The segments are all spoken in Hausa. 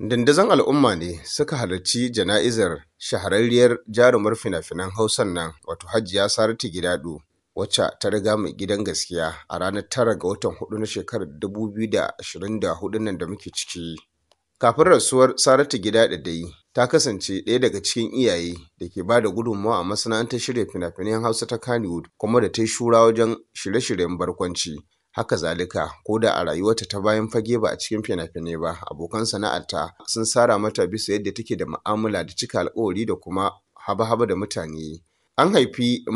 Dandazan al'umma ne suka halarci jana'izar shahararriyar jarumar fina-finan Hausan nan wato Hajiya Saratu Gidado wacce ta riga mai gidan gaskiya a ranar tara ga watan hudu na shekarar 2024 nan da muke ciki. Kafin rasuwar Saratu Gidado dai ta kasance ɗaya daga cikin iyaye da ke ba da gudunmawa a masana'antar shirya fina-finan Hausa ta Kannywood kuma da ta yi shura wajen shirye-shiryen barkwanci haka zalika ko da a rayuwarta ta bayan fage ba a cikin fina-finai ba abokan sana'arta sun sara mata bisa yadda take da mu'amala da cika alkawari da kuma haba-haba da mutane an haifi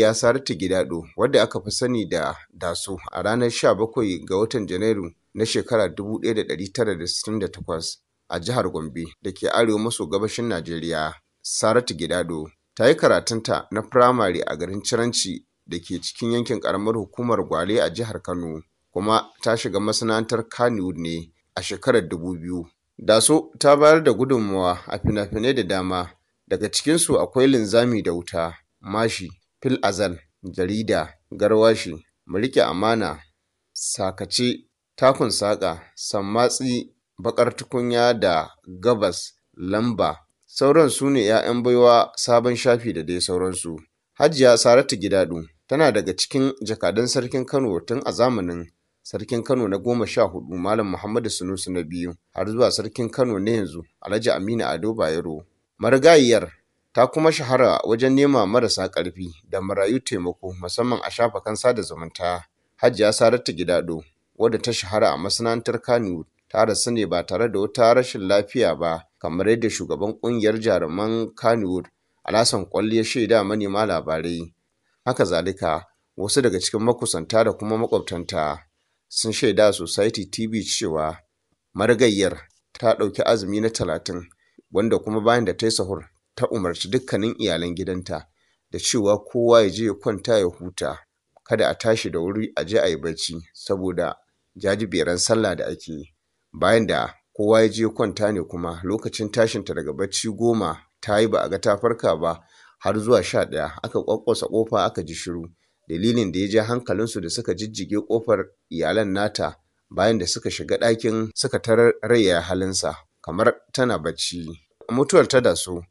ya saratu gidado wadda aka fi sani da daso a ranar 17 ga watan janairu na shekarar 1968 a jihar gombe da ke arewa maso gabashin najeriya saratu gidado ta yi karatunta na firamare a garin ciranci da ke cikin yankin karamar hukumar Gwale a jihar Kano kuma ta shiga masana'antar kanewood ne a shekarar dubu 2000. Daso ta bayar da gudunmawa a fina-finai da dama daga cikinsu akwai linzami da wuta, mashi, fil azal, jarida, garwashi, mulki amana, sakace, takun saka, sammatsi, bakar tukunya da gabas, lamba, sauran su ne ‘ya'yan baiwa sabon shafi da dai sauransu. Hajiya Saratu Gidadu tana daga cikin jakadun sarkin Kano tun a zamanin sarkin Kano na goma sha hudu Malam Muhammadu Sunusu na biyu har zuwa sarkin Kano na yanzu Alhaji Aminu Ado Bayero. Marigayiyar ta kuma shahara wajen nema marasa ƙarfi da marayu taimako musamman a shafakan sada zumunta. Hajiya Saratu Gidado wadda ta shahara a masana'antar Kano ta rasu ne ba tare da wata rashin lafiya ba kamar yadda shugaban ƙungiyar jaruman Kano Alhassan kwalliya ya shaida manema labarai. Haka zalika, wasu daga cikin makusanta da kuma makwabtanta sun shaida Society TV cewa marigayyar ta ɗauki azumi na talatin wanda kuma bayan da ta yi sahur ta umarci dukkanin iyalan gidanta da cewa kowa ya je ya kwanta ya huta kada a tashi da wuri a je a yi barci saboda jajiberan sallah da ake bayan da kowa ya je kwanta ne kuma lokacin tashinta daga barci goma ta yi ba a ga ta farka ba har zuwa sha ɗaya aka ƙwaƙƙwasa ƙofa aka ji shiru dalilin da ya ja hankalinsu da suka jijjige ƙofar iyalan nata bayan da suka shiga ɗakin suka tarar rayya halinsa kamar tana bacci mutuwar ta daso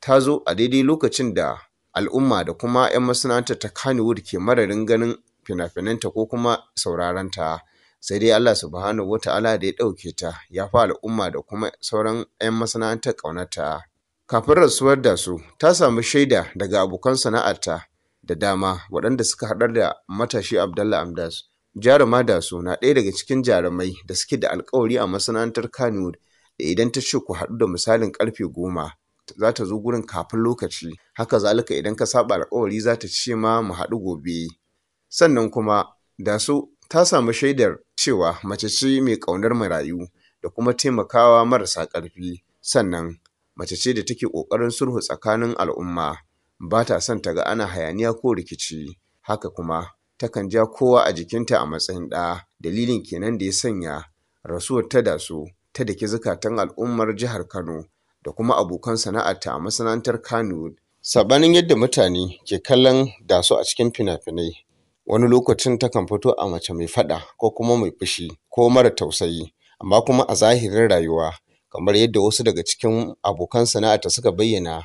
ta zo a daidai lokacin da al'umma da kuma 'yan masana'antar ta kanewood ke mararin ganin fina-finanta ko kuma sauraranta sai dai Allah subhanahu wata'ala da ya ɗauke ta ya fa al'umma da kuma sauran 'yan masana'antar ƙaunata Kafin rasuwar su ta samu shaida daga abokan sana'arta da dama waɗanda suka haɗar da matashi Abdallah Amdas. Jaruma su na ɗaya daga cikin jarumai da suke da alkawari a masana'antar kano da idan ta ce ku haɗu da misalin ƙarfe goma za ta zo gurin kafin lokaci. Haka zalika idan ka saba alkawari za ta ce ma mu haɗu gobe. Sannan kuma su ta samu shaidar cewa mace ce mai ƙaunar marayu da kuma taimakawa marasa ƙarfi. Sannan mace ce da take ƙoƙarin sulhu tsakanin al'umma ba ta son ta ga ana hayaniya ko rikici haka kuma takan ja kowa a jikinta a matsayin ɗa dalilin kenan da ya sanya rasuwar ta da su ta daki zukatan al'ummar jihar kano da kuma abokan sana'arta a masana'antar kano sabanin yadda mutane ke kallon da su a cikin fina-finai wani lokacin takan fito a mace mai faɗa ko kuma mai fushi ko mara tausayi amma kuma a zahirin rayuwa kamar yadda wasu daga cikin abokan sana'arta suka bayyana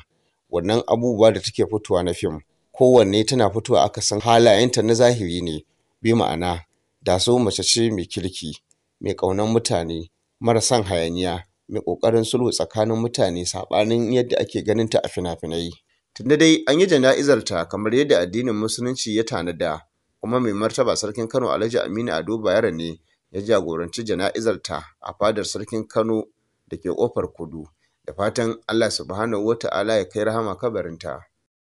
wannan abubuwa da take fitowa na fim kowanne tana fitowa aka san halayenta na zahiri ne bi ma'ana da su mace ce mai kirki mai ƙaunar mutane marasan hayaniya mai ƙoƙarin sulhu tsakanin mutane saɓanin yadda ake ganin ta a fina-finai tunda dai an yi jana'izar ta kamar yadda addinin musulunci ya tanada kuma mai martaba sarkin kano alhaji aminu ado bayero ne ya jagoranci jana'izar ta a fadar sarkin kano da ke ƙofar kudu da fatan Allah subhanahu ta'ala ya kai rahama kabarinta.